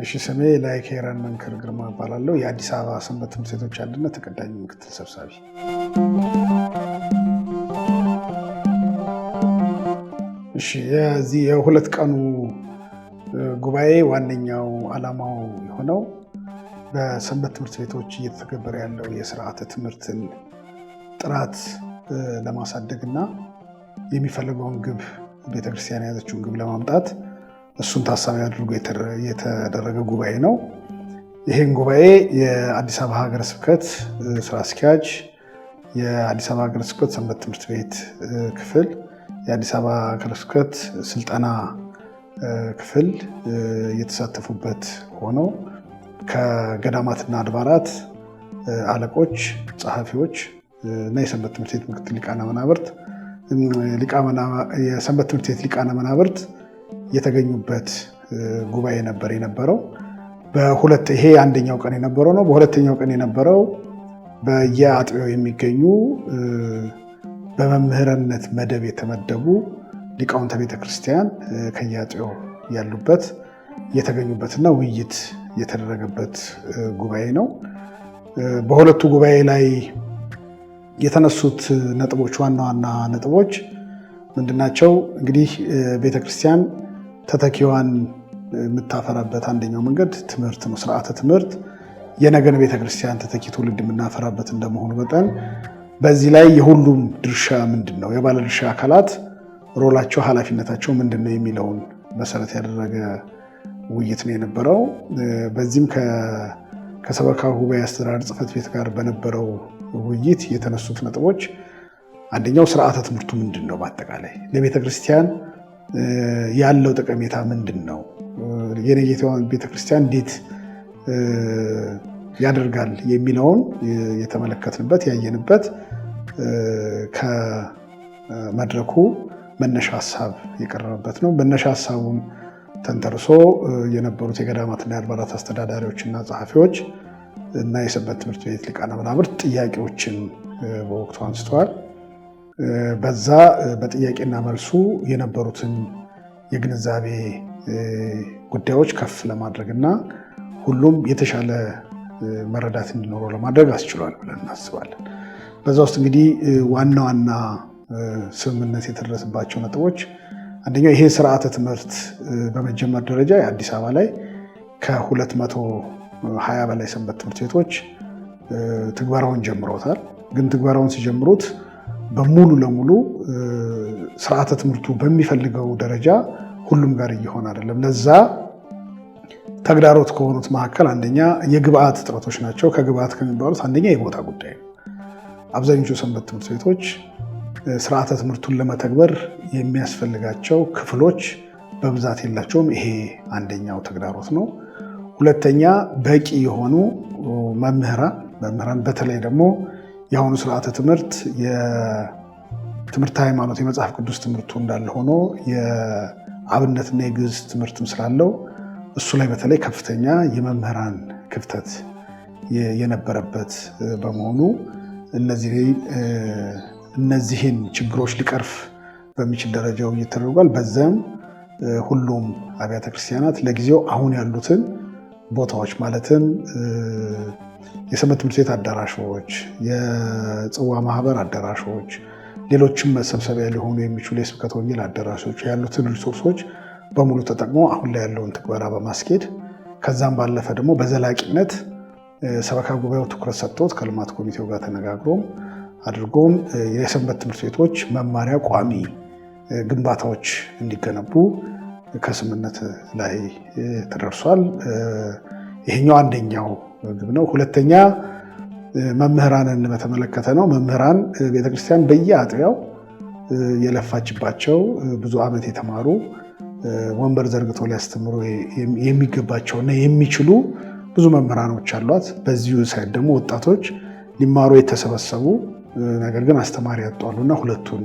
እሺ ስሜ ላይክሄራን መንክር ግርማ እባላለሁ። የአዲስ አበባ ሰንበት ትምህርት ቤቶች አንድነት ተቀዳሚ ምክትል ሰብሳቢ። እሺ የዚህ የሁለት ቀኑ ጉባኤ ዋነኛው ዓላማው የሆነው በሰንበት ትምህርት ቤቶች እየተተገበረ ያለው የስርዓተ ትምህርትን ጥራት ለማሳደግ እና የሚፈልገውን ግብ ቤተክርስቲያን የያዘችውን ግብ ለማምጣት እሱን ታሳቢ አድርጎ የተደረገ ጉባኤ ነው። ይህን ጉባኤ የአዲስ አበባ ሀገረ ስብከት ስራ አስኪያጅ፣ የአዲስ አበባ ሀገረ ስብከት ሰንበት ትምህርት ቤት ክፍል፣ የአዲስ አበባ ሀገረ ስብከት ስልጠና ክፍል እየተሳተፉበት ሆነው ከገዳማትና አድባራት አለቆች፣ ጸሐፊዎች እና የሰንበት ትምህርት ቤት ምክትል ሊቃነ መናብርት የሰንበት ትምህርት ቤት ሊቃነ መናብርት የተገኙበት ጉባኤ ነበር የነበረው። ይሄ አንደኛው ቀን የነበረው ነው። በሁለተኛው ቀን የነበረው በየአጥቢያው የሚገኙ በመምህርነት መደብ የተመደቡ ሊቃውንተ ቤተክርስቲያን ከየአጥቢያው ያሉበት የተገኙበትና ውይይት የተደረገበት ጉባኤ ነው። በሁለቱ ጉባኤ ላይ የተነሱት ነጥቦች ዋና ዋና ነጥቦች ምንድናቸው? እንግዲህ ቤተክርስቲያን ተተኪዋን የምታፈራበት አንደኛው መንገድ ትምህርት ነው። ስርዓተ ትምህርት የነገን ቤተክርስቲያን ተተኪ ትውልድ የምናፈራበት እንደመሆኑ መጠን በዚህ ላይ የሁሉም ድርሻ ምንድን ነው፣ የባለድርሻ አካላት ሮላቸው ኃላፊነታቸው ምንድን ነው የሚለውን መሰረት ያደረገ ውይይት ነው የነበረው። በዚህም ከሰበካ ጉባኤ አስተዳደር ጽሕፈት ቤት ጋር በነበረው ውይይት የተነሱት ነጥቦች አንደኛው ስርዓተ ትምህርቱ ምንድን ነው፣ በአጠቃላይ ለቤተ ክርስቲያን ያለው ጠቀሜታ ምንድን ነው፣ የነጌታዋን ቤተ ክርስቲያን እንዴት ያደርጋል የሚለውን የተመለከትንበት ያየንበት ከመድረኩ መነሻ ሀሳብ የቀረበበት ነው። መነሻ ሀሳቡን ተንተርሶ የነበሩት የገዳማትና የአድባራት አስተዳዳሪዎችና ጸሐፊዎች እና የሰንበት ትምህርት ቤት ሊቃነ መናብርት ጥያቄዎችን በወቅቱ አንስተዋል። በዛ በጥያቄና መልሱ የነበሩትን የግንዛቤ ጉዳዮች ከፍ ለማድረግ እና ሁሉም የተሻለ መረዳት እንዲኖረው ለማድረግ አስችሏል ብለን እናስባለን። በዛ ውስጥ እንግዲህ ዋና ዋና ስምምነት የተደረሰባቸው ነጥቦች አንደኛው ይሄ ስርዓተ ትምህርት በመጀመር ደረጃ አዲስ አበባ ላይ ከ220 በላይ ሰንበት ትምህርት ቤቶች ትግበራውን ጀምረውታል። ግን ትግበራውን ሲጀምሩት በሙሉ ለሙሉ ስርዓተ ትምህርቱ በሚፈልገው ደረጃ ሁሉም ጋር እየሆን አይደለም። ለዛ ተግዳሮት ከሆኑት መካከል አንደኛ የግብአት እጥረቶች ናቸው። ከግብአት ከሚባሉት አንደኛ የቦታ ጉዳይ ነው። አብዛኞቹ ሰንበት ትምህርት ቤቶች ስርዓተ ትምህርቱን ለመተግበር የሚያስፈልጋቸው ክፍሎች በብዛት የላቸውም። ይሄ አንደኛው ተግዳሮት ነው። ሁለተኛ በቂ የሆኑ መምህራን መምህራን በተለይ ደግሞ የአሁኑ ስርዓተ ትምህርት የትምህርት ሃይማኖት የመጽሐፍ ቅዱስ ትምህርቱ እንዳለ ሆኖ የአብነትና የግዕዝ ትምህርትም ስላለው እሱ ላይ በተለይ ከፍተኛ የመምህራን ክፍተት የነበረበት በመሆኑ እነዚህ እነዚህን ችግሮች ሊቀርፍ በሚችል ደረጃ ውይይት ተደርጓል። በዚያም ሁሉም አብያተ ክርስቲያናት ለጊዜው አሁን ያሉትን ቦታዎች ማለትም የሰንበት ትምህርት ቤት አዳራሾች፣ የጽዋ ማህበር አዳራሾች፣ ሌሎችም መሰብሰቢያ ሊሆኑ የሚችሉ የስብከተ ወንጌል አዳራሾች ያሉትን ሪሶርሶች በሙሉ ተጠቅሞ አሁን ላይ ያለውን ትግበራ በማስኬድ ከዛም ባለፈ ደግሞ በዘላቂነት ሰበካ ጉባኤው ትኩረት ሰጥቶት ከልማት ኮሚቴው ጋር ተነጋግሮም አድርጎም የሰንበት ትምህርት ቤቶች መማሪያ ቋሚ ግንባታዎች እንዲገነቡ ከስምነት ላይ ተደርሷል። ይሄኛው አንደኛው ግብ ነው። ሁለተኛ መምህራንን በተመለከተ ነው። መምህራን ቤተክርስቲያን በየአጥቢያው የለፋችባቸው ብዙ ዓመት የተማሩ ወንበር ዘርግቶ ሊያስተምሩ የሚገባቸውና የሚችሉ ብዙ መምህራኖች አሏት። በዚሁ ሳይት ደግሞ ወጣቶች ሊማሩ የተሰበሰቡ ነገር ግን አስተማሪ ያጧሉ እና ሁለቱን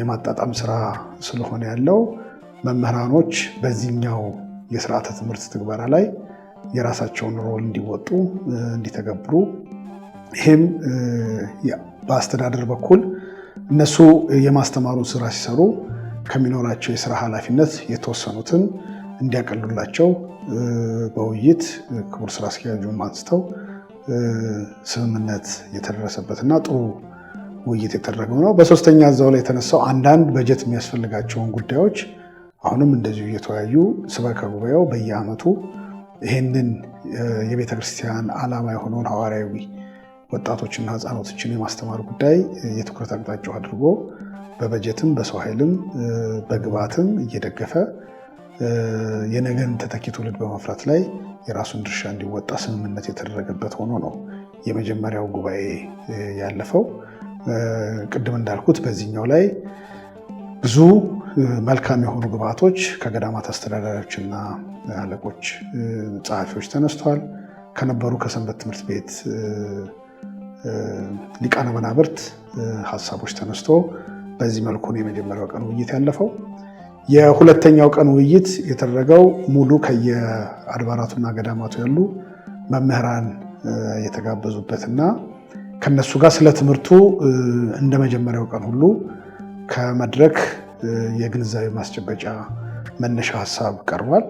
የማጣጣም ስራ ስለሆነ ያለው መምህራኖች በዚህኛው የስርዓተ ትምህርት ትግበራ ላይ የራሳቸውን ሮል እንዲወጡ እንዲተገብሩ፣ ይህም በአስተዳደር በኩል እነሱ የማስተማሩን ስራ ሲሰሩ ከሚኖራቸው የስራ ኃላፊነት የተወሰኑትን እንዲያቀሉላቸው በውይይት ክቡር ስራ አስኪያጁን አንስተው ስምምነት የተደረሰበትና ጥሩ ውይይት የተደረገው ነው። በሶስተኛ እዛው ላይ የተነሳው አንዳንድ በጀት የሚያስፈልጋቸውን ጉዳዮች አሁንም እንደዚሁ እየተወያዩ ስብከተ ጉባኤው በየዓመቱ ይህንን የቤተ ክርስቲያን ዓላማ የሆነውን ሐዋርያዊ ወጣቶችና ህፃኖቶችን የማስተማር ጉዳይ የትኩረት አቅጣጫው አድርጎ በበጀትም በሰው ኃይልም በግብዓትም እየደገፈ የነገን ተተኪ ትውልድ በማፍራት ላይ የራሱን ድርሻ እንዲወጣ ስምምነት የተደረገበት ሆኖ ነው የመጀመሪያው ጉባኤ ያለፈው። ቅድም እንዳልኩት በዚህኛው ላይ ብዙ መልካም የሆኑ ግብዓቶች ከገዳማት አስተዳዳሪዎችና አለቆች፣ ጸሐፊዎች ተነስተዋል። ከነበሩ ከሰንበት ትምህርት ቤት ሊቃነ መናብርት ሀሳቦች ተነስቶ በዚህ መልኩ ነው የመጀመሪያው ቀን ውይይት ያለፈው። የሁለተኛው ቀን ውይይት የተደረገው ሙሉ ከየአድባራቱና ገዳማቱ ያሉ መምህራን የተጋበዙበትና ከነሱ ጋር ስለ ትምህርቱ እንደ መጀመሪያው ቀን ሁሉ ከመድረክ የግንዛቤ ማስጨበጫ መነሻ ሀሳብ ቀርቧል።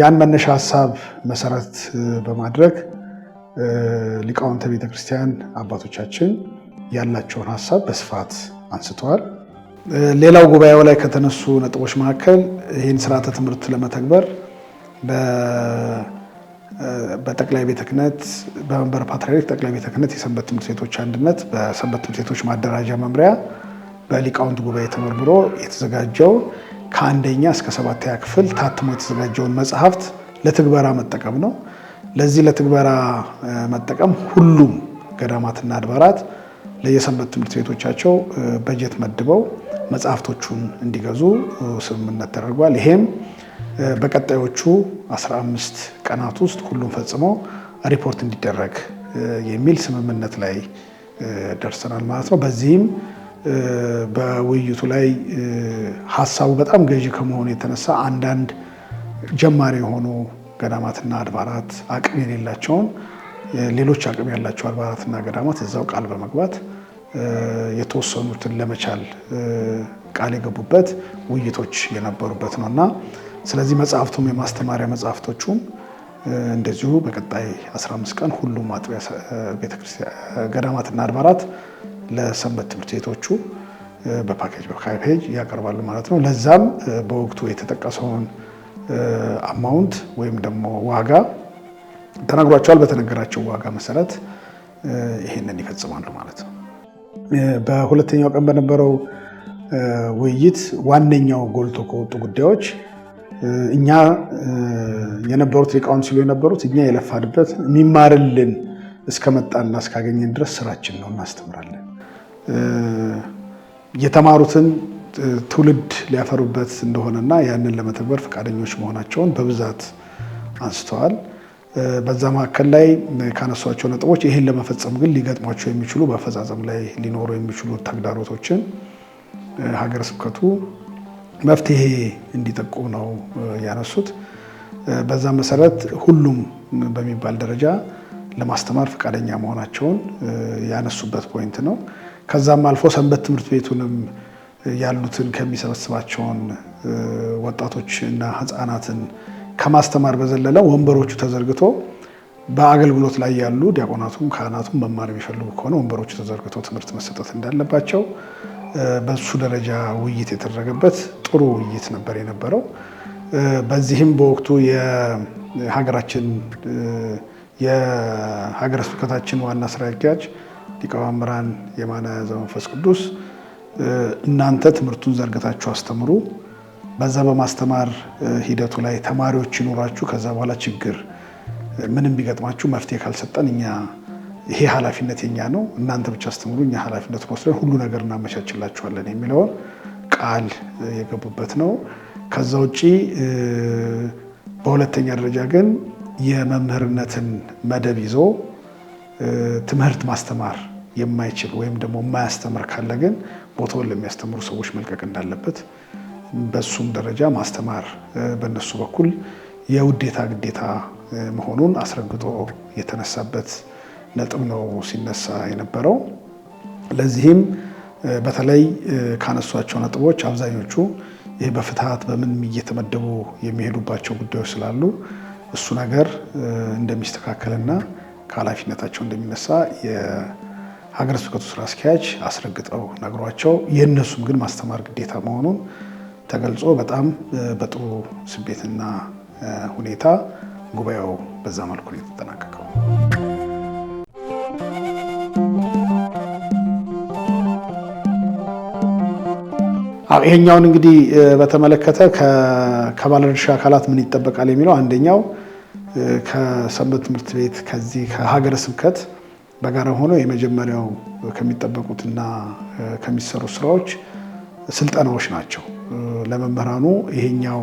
ያን መነሻ ሀሳብ መሰረት በማድረግ ሊቃውንተ ቤተክርስቲያን አባቶቻችን ያላቸውን ሀሳብ በስፋት አንስተዋል። ሌላው ጉባኤው ላይ ከተነሱ ነጥቦች መካከል ይህን ስርዓተ ትምህርት ለመተግበር በጠቅላይ ቤተ ክህነት በመንበር ፓትርያርክ ጠቅላይ ቤተ ክህነት የሰንበት ትምህርት ቤቶች አንድነት በሰንበት ትምህርት ቤቶች ማደራጃ መምሪያ በሊቃውንት ጉባኤ ተመርምሮ የተዘጋጀው ከአንደኛ እስከ ሰባተኛ ክፍል ታትሞ የተዘጋጀውን መጽሐፍት ለትግበራ መጠቀም ነው። ለዚህ ለትግበራ መጠቀም ሁሉም ገዳማትና አድባራት ለየሰንበት ትምህርት ቤቶቻቸው በጀት መድበው መጽሐፍቶቹን እንዲገዙ ስምምነት ተደርጓል። ይሄም በቀጣዮቹ 15 ቀናት ውስጥ ሁሉም ፈጽሞ ሪፖርት እንዲደረግ የሚል ስምምነት ላይ ደርሰናል ማለት ነው። በዚህም በውይይቱ ላይ ሀሳቡ በጣም ገዢ ከመሆኑ የተነሳ አንዳንድ ጀማሪ የሆኑ ገዳማትና አድባራት አቅም የሌላቸውን ሌሎች አቅም ያላቸው አድባራትና ገዳማት እዛው ቃል በመግባት የተወሰኑትን ለመቻል ቃል የገቡበት ውይይቶች የነበሩበት ነው እና ስለዚህ መጽሐፍቱም የማስተማሪያ መጽሐፍቶቹም እንደዚሁ በቀጣይ 15 ቀን ሁሉም አጥቢያ ገዳማትና አድባራት ለሰንበት ትምህርት ቤቶቹ በፓኬጅ በፓኬጅ ያቀርባሉ ማለት ነው። ለዛም በወቅቱ የተጠቀሰውን አማውንት ወይም ደግሞ ዋጋ ተናግሯቸዋል። በተነገራቸው ዋጋ መሰረት ይህንን ይፈጽማሉ ማለት ነው። በሁለተኛው ቀን በነበረው ውይይት ዋነኛው ጎልቶ ከወጡ ጉዳዮች እኛ የነበሩት ሊቃውንት ሲሉ የነበሩት እኛ የለፋንበት የሚማርልን እስከመጣና እስካገኘን ድረስ ስራችን ነው፣ እናስተምራለን። የተማሩትን ትውልድ ሊያፈሩበት እንደሆነና ያንን ለመተግበር ፈቃደኞች መሆናቸውን በብዛት አንስተዋል። በዛ መካከል ላይ ካነሷቸው ነጥቦች ይህን ለመፈጸም ግን ሊገጥሟቸው የሚችሉ በአፈጻጸም ላይ ሊኖሩ የሚችሉ ተግዳሮቶችን ሀገረ ስብከቱ መፍትሄ እንዲጠቁ ነው ያነሱት። በዛ መሰረት ሁሉም በሚባል ደረጃ ለማስተማር ፈቃደኛ መሆናቸውን ያነሱበት ፖይንት ነው። ከዛም አልፎ ሰንበት ትምህርት ቤቱንም ያሉትን ከሚሰበስባቸውን ወጣቶች እና ህፃናትን ከማስተማር በዘለለ ወንበሮቹ ተዘርግቶ በአገልግሎት ላይ ያሉ ዲያቆናቱም ካህናቱም መማር የሚፈልጉ ከሆነ ወንበሮቹ ተዘርግቶ ትምህርት መሰጠት እንዳለባቸው በሱ ደረጃ ውይይት የተደረገበት ጥሩ ውይይት ነበር የነበረው። በዚህም በወቅቱ የሀገራችን የሀገረ ስብከታችን ዋና ስራ አስኪያጅ ሊቀ መምህራን የማነ ዘመንፈስ ቅዱስ እናንተ ትምህርቱን ዘርግታችሁ አስተምሩ በዛ በማስተማር ሂደቱ ላይ ተማሪዎች ይኖራችሁ፣ ከዛ በኋላ ችግር ምንም ቢገጥማችሁ መፍትሄ ካልሰጠን እኛ ይሄ ኃላፊነት የኛ ነው፣ እናንተ ብቻ አስተምሩ፣ እኛ ኃላፊነት ወስደን ሁሉ ነገር እናመቻችላችኋለን የሚለውን ቃል የገቡበት ነው። ከዛ ውጪ በሁለተኛ ደረጃ ግን የመምህርነትን መደብ ይዞ ትምህርት ማስተማር የማይችል ወይም ደግሞ የማያስተምር ካለ ግን ቦታውን ለሚያስተምሩ ሰዎች መልቀቅ እንዳለበት በሱም ደረጃ ማስተማር በነሱ በኩል የውዴታ ግዴታ መሆኑን አስረግጦ የተነሳበት ነጥብ ነው ሲነሳ የነበረው። ለዚህም በተለይ ካነሷቸው ነጥቦች አብዛኞቹ ይህ በፍትሀት በምን እየተመደቡ የሚሄዱባቸው ጉዳዮች ስላሉ እሱ ነገር እንደሚስተካከልና ከኃላፊነታቸው እንደሚነሳ የሀገረ ስብከቱ ስራ አስኪያጅ አስረግጠው ነግሯቸው የእነሱም ግን ማስተማር ግዴታ መሆኑን ተገልጾ በጣም በጥሩ ስቤትና ሁኔታ ጉባኤው በዛ መልኩ ነው የተጠናቀቀው። ይሄኛውን እንግዲህ በተመለከተ ከባለድርሻ አካላት ምን ይጠበቃል የሚለው አንደኛው ከሰንበት ትምህርት ቤት ከዚህ ከሀገረ ስብከት በጋራ ሆኖ የመጀመሪያው ከሚጠበቁትና ከሚሰሩ ስራዎች ስልጠናዎች ናቸው። ለመምህራኑ ይሄኛው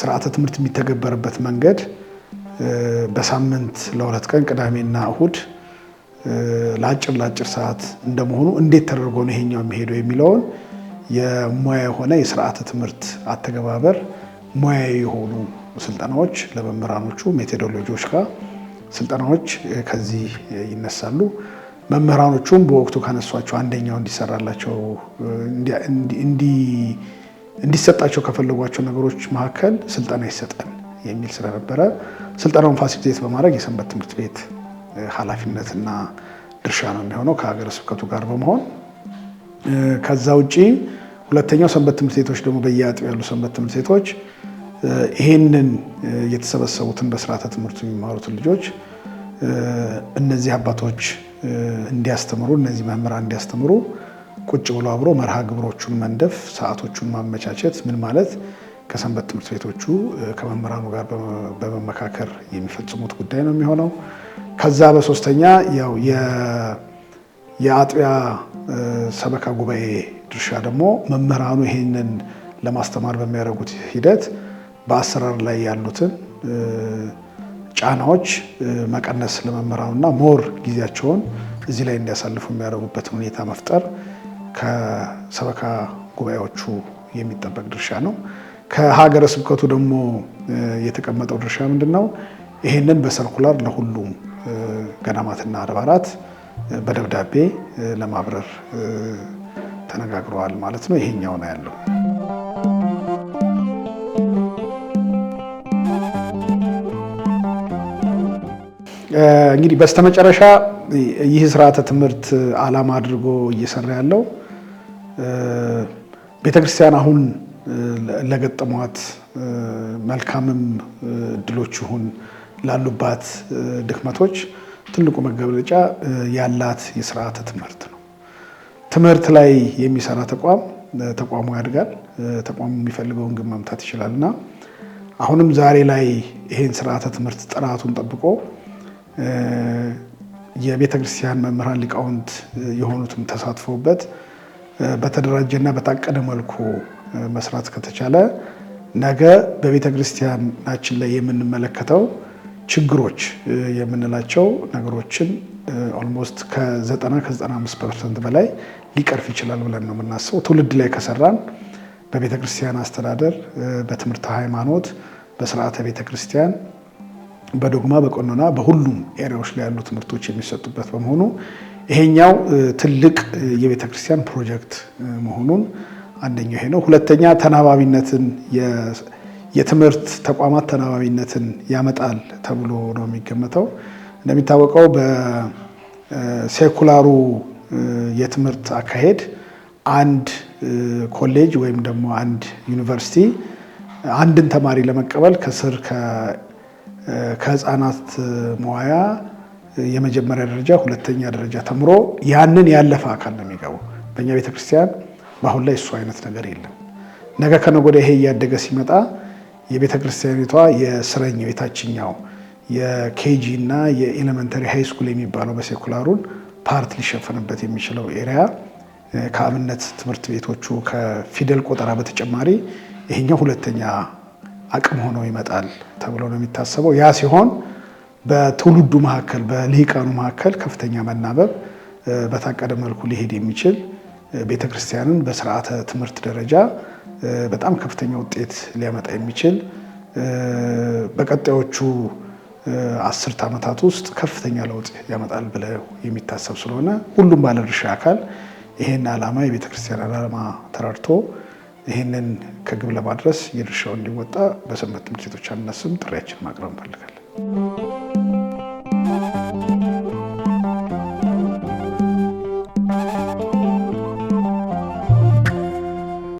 ስርዓተ ትምህርት የሚተገበርበት መንገድ በሳምንት ለሁለት ቀን ቅዳሜና እሁድ ለአጭር ለአጭር ሰዓት እንደመሆኑ እንዴት ተደርጎ ነው ይሄኛው የሚሄደው የሚለውን የሙያ የሆነ የስርዓተ ትምህርት አተገባበር ሙያዊ የሆኑ ስልጠናዎች ለመምህራኖቹ ሜቶዶሎጂዎች ጋር ስልጠናዎች ከዚህ ይነሳሉ። መምህራኖቹም በወቅቱ ካነሷቸው አንደኛው እንዲሰራላቸው እንዲሰጣቸው ከፈለጓቸው ነገሮች መካከል ስልጠና ይሰጠን የሚል ስለነበረ ስልጠናውን ፋሲሊቴት በማድረግ የሰንበት ትምህርት ቤት ኃላፊነትና ድርሻ ነው የሚሆነው ከሀገረ ስብከቱ ጋር በመሆን ከዛ ውጪ ሁለተኛው ሰንበት ትምህርት ቤቶች ደግሞ በየአጥቢያው ያሉ ሰንበት ትምህርት ቤቶች ይሄንን የተሰበሰቡትን በስርዓተ ትምህርቱ የሚማሩትን ልጆች እነዚህ አባቶች እንዲያስተምሩ እነዚህ መምህራን እንዲያስተምሩ ቁጭ ብሎ አብሮ መርሃ ግብሮቹን መንደፍ፣ ሰዓቶቹን ማመቻቸት ምን ማለት ከሰንበት ትምህርት ቤቶቹ ከመምህራኑ ጋር በመመካከር የሚፈጽሙት ጉዳይ ነው የሚሆነው። ከዛ በሶስተኛ ያው የአጥቢያ ሰበካ ጉባኤ ድርሻ ደግሞ መምህራኑ ይህንን ለማስተማር በሚያደርጉት ሂደት በአሰራር ላይ ያሉትን ጫናዎች መቀነስ ለመምህራኑና ሞር ጊዜያቸውን እዚህ ላይ እንዲያሳልፉ የሚያደርጉበትን ሁኔታ መፍጠር ከሰበካ ጉባኤዎቹ የሚጠበቅ ድርሻ ነው። ከሀገረ ስብከቱ ደግሞ የተቀመጠው ድርሻ ምንድን ነው? ይህንን በሰርኩላር ለሁሉም ገዳማትና አድባራት በደብዳቤ ለማብረር ተነጋግረዋል ማለት ነው። ይሄኛው ነው ያለው። እንግዲህ በስተመጨረሻ ይህ ስርዓተ ትምህርት ዓላማ አድርጎ እየሰራ ያለው ቤተክርስቲያን አሁን ለገጠሟት መልካምም እድሎች ይሁን ላሉባት ድክመቶች ትልቁ መገለጫ ያላት የስርዓተ ትምህርት ነው። ትምህርት ላይ የሚሰራ ተቋም ተቋሙ ያድጋል፣ ተቋሙ የሚፈልገውን ግን መምታት ይችላል እና አሁንም ዛሬ ላይ ይሄን ስርዓተ ትምህርት ጥራቱን ጠብቆ የቤተ ክርስቲያን መምህራን ሊቃውንት የሆኑትም ተሳትፎበት በተደራጀና በታቀደ መልኩ መስራት ከተቻለ ነገ በቤተ ክርስቲያናችን ላይ የምንመለከተው ችግሮች የምንላቸው ነገሮችን ኦልሞስት ከ90 ከ95 ፐርሰንት በላይ ሊቀርፍ ይችላል ብለን ነው የምናስበው። ትውልድ ላይ ከሰራን በቤተ ክርስቲያን አስተዳደር፣ በትምህርት ሃይማኖት፣ በስርዓተ ቤተ ክርስቲያን በዶግማ በቀኖና በሁሉም ኤሪያዎች ላይ ያሉ ትምህርቶች የሚሰጡበት በመሆኑ ይሄኛው ትልቅ የቤተ ክርስቲያን ፕሮጀክት መሆኑን አንደኛው ይሄ ነው። ሁለተኛ ተናባቢነትን የትምህርት ተቋማት ተናባቢነትን ያመጣል ተብሎ ነው የሚገመተው። እንደሚታወቀው በሴኩላሩ የትምህርት አካሄድ አንድ ኮሌጅ ወይም ደግሞ አንድ ዩኒቨርሲቲ አንድን ተማሪ ለመቀበል ከስር ከህፃናት መዋያ የመጀመሪያ ደረጃ ሁለተኛ ደረጃ ተምሮ ያንን ያለፈ አካል ነው የሚገባው። በእኛ ቤተክርስቲያን በአሁን ላይ እሱ አይነት ነገር የለም። ነገ ከነጎዳ ይሄ እያደገ ሲመጣ የቤተክርስቲያኒቷ የስረኛው የታችኛው የኬጂ እና የኤሌመንተሪ ሃይስኩል የሚባለው በሴኩላሩን ፓርት ሊሸፈንበት የሚችለው ኤሪያ ከአብነት ትምህርት ቤቶቹ ከፊደል ቆጠራ በተጨማሪ ይሄኛው ሁለተኛ አቅም ሆኖ ይመጣል ተብሎ ነው የሚታሰበው። ያ ሲሆን በትውልዱ መካከል በልሂቃኑ መካከል ከፍተኛ መናበብ በታቀደ መልኩ ሊሄድ የሚችል ቤተ ክርስቲያንን በስርዓተ ትምህርት ደረጃ በጣም ከፍተኛ ውጤት ሊያመጣ የሚችል በቀጣዮቹ አስርት ዓመታት ውስጥ ከፍተኛ ለውጥ ያመጣል ብለው የሚታሰብ ስለሆነ ሁሉም ባለድርሻ አካል ይሄን ዓላማ የቤተ ክርስቲያን ዓላማ ተረድቶ ይህንን ከግብ ለማድረስ የድርሻውን እንዲወጣ በሰንበት ትምህርት ቤቶች አናስም ጥሪያችን ማቅረብ እንፈልጋለን።